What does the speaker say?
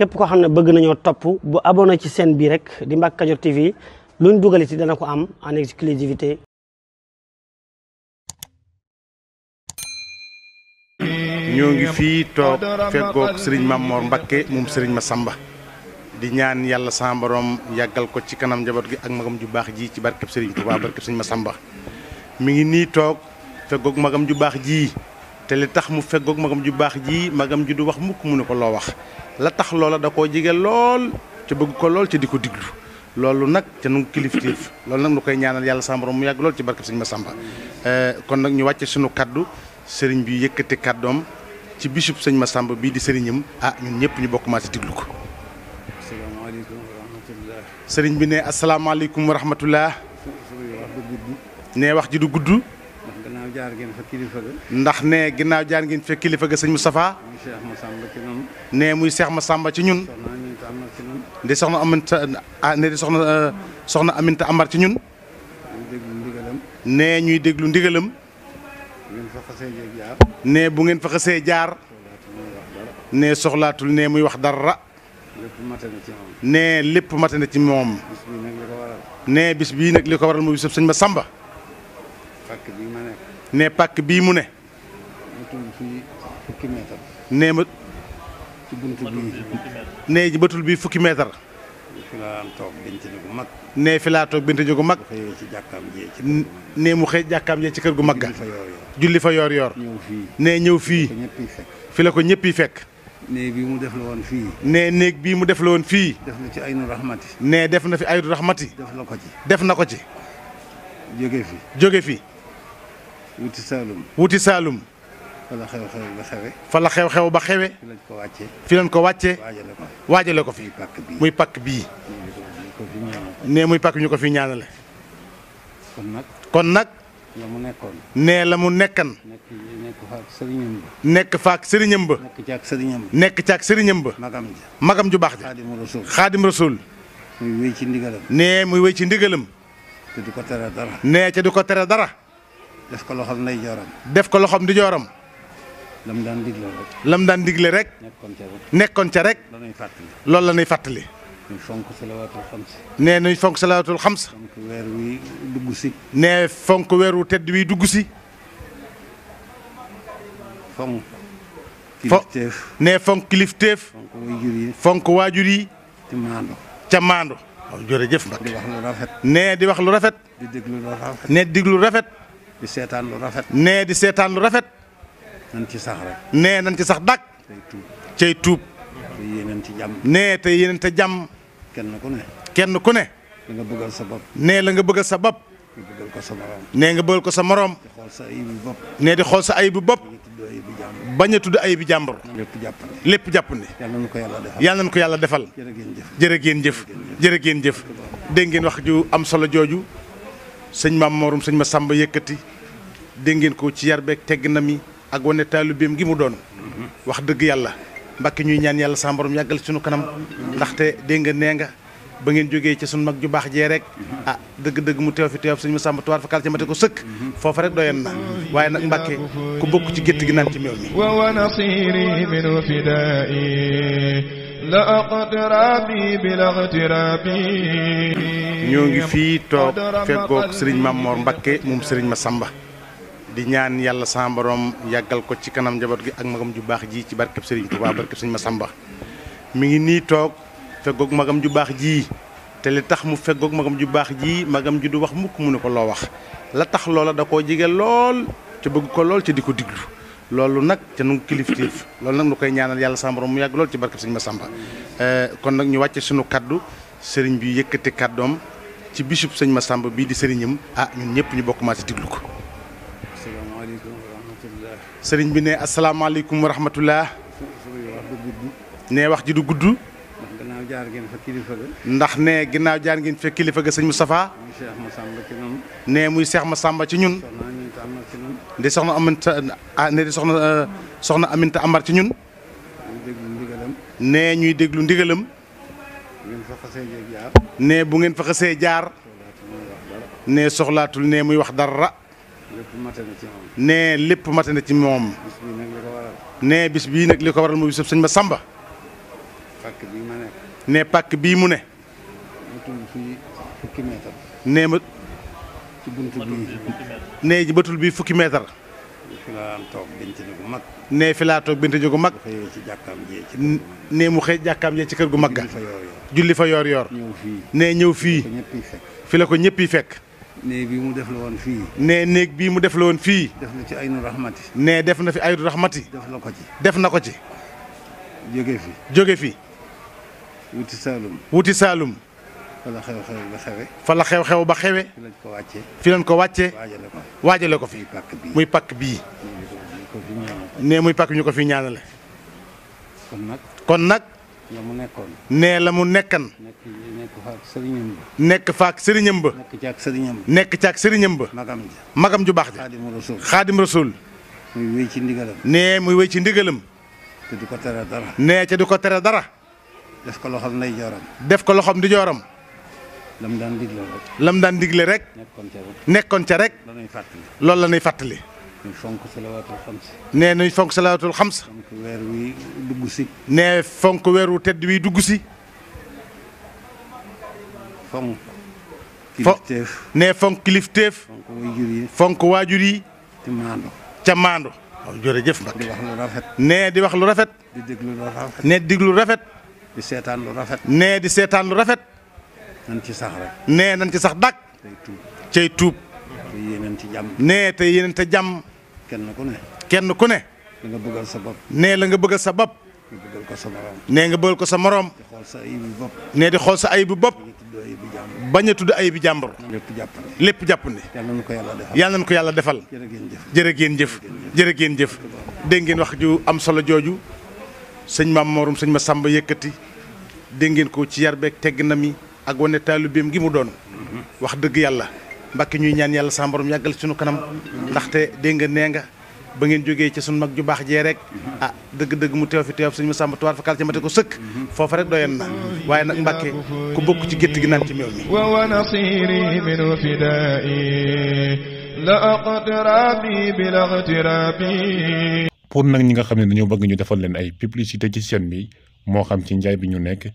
képp koo xam ne bëgg nañoo topp bu abonné ci seen bi rek di Mbacke Kadior TV luñ dugal ci dana ko am en exclusivité ñoo ngi fi toog feggoog sëriñ Mamor Mbakke moom sëriñ Massamba di ñaan yàlla sa borom yàggal ko ci kanam njaboot gi ak magam ju baax ji ci barkeb sëriñ Touba barkeb sëriñ Massamba mi ngi nii toog feggoog magam ju baax ji te li tax mu fegook magam ju baax ji magam ji du wax mukk mu ne ko loo wax la tax loola da koo jige lool ca bëgg ko lool ca di ko diglu loolu nag ca nu kilifteef loolu nag nu koy ñaanal yàlla sama mu yàgg lool ci barkeb sëñ Massamba eh, kon nag ñu wàcce suñu kàddu sëriñ bi yëkkati kaddoom ci bisub sëñ ma Massamba bii di sëriñam ah ñun ñëpp ñu bokk si diglu ko. asalaamaaleykum sëriñ bi ne asalaamaaleykum wa rahmatullah. nee wax ji du gudd. ginnaaw jaar ngeen ndax ne ginnaaw jaar ngeen fa kilifa ga sëñ Moustapha. muy Cheikh Massamba ci ñun. ne muy Cheikh Massamba ci ñun. di soxna Aminta ah ne di soxna euh, soxna ci ñun. ne ñuy déglu ndigalam. ne bu ngeen fa xasee jaar. ne soxlaatul ne muy wax dara. ne lépp mate na ci moom. ne bis bii nag li ko waral mooy bisub sëñ ma ne ne pàkk bii mu ne. mu nee ma. ci buntu bii. bëtul bii fukki mètre. fi laa toog bint gu mag. ne fi laa toog bint mu xëy jàkkam jee ci kër gu mag. julli fa yoor yoor. ne ñëw fii. fi la ko ñëpp yi fekk. néeg mu def la fii. nee néeg bii mu def la woon fii. def na ci aynu raxmati. nee def na fi aynu raxmati. def na ko ci. def na ko ci. jóge fi. jóge fi. wuti Saalum wuti Saalum. fa la xew-xew ba xewe. fa la xew-xew ba xewe. fi lañ ko wàcce fi lañ ko wàccee. waajale ko waajale ko fi. muy pàkk bii nee muy pàkk ñu ko fi ñaanale. kon nag kon nag. la mu nekkoon. nee la mu nekkan. nekk faak sëriñam ba. nekk faak sëriñam ba. nekk caak sëriñam ba. nekk caak sëriñam ba. magam ja ju baax ja. xaadim rasul xaadim rasul. muy wéy nee muy wéy ci ndigalam. nee te du ko tere dara. def ko loxoom nday jooram. def ko loxoom di jooram. lam daan digle rek. lam daan digle rek. nekkoon ca rek. nekkoon ca rek. loolu la ñuy fàttali. fonk salawaatul xams. nee nuy fonk salawaatul xams. fonk weer wi dugg si. nee fonk weer wu tedd wi dugg si. fonk. nee fonk kilifteef. fonk waajur yi. fonk waajur yi. ci ca maandu. rafet. nee di wax rafet. nee di déglu rafet. di seetaan lu rafet. nee di seetaan lu rafet. nan ci sax nee nan ci sax dàq. cey tuub cay tuub. ci jàmm. nee te yéeneen te jàmm. kenn ku ne. kenn ku ne. la nga bëggal sa bopp. nee la nga bëggal sa bopp. ko sa morom. nee nga bëggal ko sa morom. di xool sa ayib bopp. nee di xool sa ayib bopp. bañ a tudd ayib jàmbur. lépp jàppandi. lépp jàppandi. yal nañu ko yàlla defal yal nañu ko yàlla defal. jërë ngeen jëf jërë ngeen jëf. dégg ngeen wax ju am solo jooju. sëñ maam Morum sëñ ma Samba yëkkati dégg ngeen ko ci yar beeg tegg na mi ak wane taalibeem gi mu doon wax dëgg yàlla mbakki ñuy ñaan yàlla sa borom yàggal ci sunu kanam ndaxte dégg nga nee nga ba ngeen jógee ci sunu mag ju baax jee rek a ah dëgg-dëgg mu teew fi teew sëñ ma Samba tuwaar fa kal mate ko sëkk foofa rek doyen na waaye nag mbàkke ku bokk ci gétt gi naan ci meew mi wa nasiri min fidaai la aqtirabi bil aqtirabi ñoo ngi fii toog feggoog Serigne Mamor Mbakke moom ma Massamba di ñaan yàlla sama yàggal ko ci kanam njaboot gi ak magam ju baax ji ci barkeb Serigne Touba barkeb ma Massamba mi ngi nii toog feggoog magam ju baax ji te li tax mu fegoog magam ju baax ji magam ji du wax mukk mu ne ko loo wax la tax loola da koo jige lool ca bëgg ko lool ca di ko diglu loolu nag ca nu kilifteef loolu nag nu koy ñaanal yàlla sama mu yàgg lool ci barkeb Serigne Massamba eh, kon nag ñu wàcce sunu kaddu sëriñ bi yëkkati kàddoom ci bisub sëñ ma Massamba bii di sëriñam ah ñun ñëpp ñu bokk maase diglu ko. asalaamaaleykum sëriñ bi ne asalaamaaleykum wa rahmatulah. nee wax ji du gudd. ndax ginnaaw jaar ngeen kilifa ndax nee ginnaaw jaar ngeen fa kilifa ga sëñ Moustapha. muy Cheikh Massamba ci ñun. nee muy Cheikh ci ñun. di soxna Aminta soxna soxna Amar ci ñun. Ah, nee ñuy déglu ndigalam. ne bu ngeen fa xasee jaar. ne soxlaatul ne muy wax dara. ne lépp mate na ci moom. ne bis bii nag li ko waral mu bisub sëñ ma sàmba ne pàkk bii mu ne. ne ma. ne batul bii fukki meetar. fi laa toog binti gu mag. nee fi laa toog binti gu mag. nee mu xëy jàkkam jee ci kër gu mag ga. julli fa yoor yoor. nee ñëw fii. fi la ko ñëpp yi fekk. néeg bii mu def la woon fii. nee néeg bii mu def la woon fii. def na ci ay nu raxmati. nee def na fi ay nu raxmati. na ko ci. def na ko ci. jóge fi. jóge fi. wuti Saalum. wuti Saalum. fa la xew-xew ba xewe. fa xew-xew ba lañ ko wàccee. fi lañ ko wàccee. waajale ko waajale ko fi. muy pakk bii nee muy pàkk ñu ko fi ñaanale. kon nag kon nag. la mu nekkoon. nee la mu nekkan. nekk fa ak sëriñam ba. nekk fa ak nekk ca ak sëriñam ba. nekk ca magam ju baax ja. xaadim rasul xaadim rasul. muy wéy ci ndigalam. nee muy wéy ci ndigalam. te du ko tere dara. nee ca du ko tere dara. def ko loxoom ndeyjooram. def ko loxoom ndeyjooram. lam daan digle rek. lam daan digle rek. nekkoon ca rek. nekkoon ca rek. loolu la ñuy fàttali. loolu la ñuy fàttali. fonk salawaatul xamsa. nee ñuy fonk salawaatul xamsa. fonk weer wi dugg si. nee fonk weer wu tedd wi dugg si. fonk. kilifteef nee fonk kilifteef. fonk waajur yi. fonk waajur yi. ci maandu. ca maandu. waaw jërëjëf di wax lu rafet. nee di wax lu rafet. déglu lu rafet. nee di déglu rafet. di seetaan rafet. nee di seetaan lu rafet. nan ci sax nee nan ci sax dak tey tuub cay tuub. ci jàmm. nee te yéeneen te jàmm. kenn ku ne. kenn ku ne. la nga bëggal sa bopp. nee la nga bëggal sa bopp. ko sa nee nga bëggal ko sa morom. xool sa nee di xool sa ayib bi bopp. bañ a tudd ayib bi jàmbur. lépp jàpp lépp jàppandi. yàlla na ko yàlla defal yàlla na ko yàlla defal. jërë ngeen jëf jërë ngeen jëf. dégg ngeen wax ju am solo jooju sëñ maam morum sëñ ma sàmba yëkkati dégg ngeen ko ci yar beeg tegg na mi ak wane taalibeem gi mu doon wax dëgg yàlla mbakki ñuy ñaan yàlla sa borom suñu kanam ndaxte dégg nga nee nga ba ngeen jógee ci suñu mag ju baax jee rek ah dëgg-dëgg mu teew fi teew fi ma Masamba tuwaar fa kal ci mate ko sëkk foofa rek doyan na waaye nag mbàkke ku bokk ci gétt gi naan ci meew mi wa nasiri min fidai la aqtirabi bil aqtirabi pour nag ñi nga xam ne dañoo bëgg ñu defal leen ay publicité ci seen bi moo xam ci njaay bi ñu nekk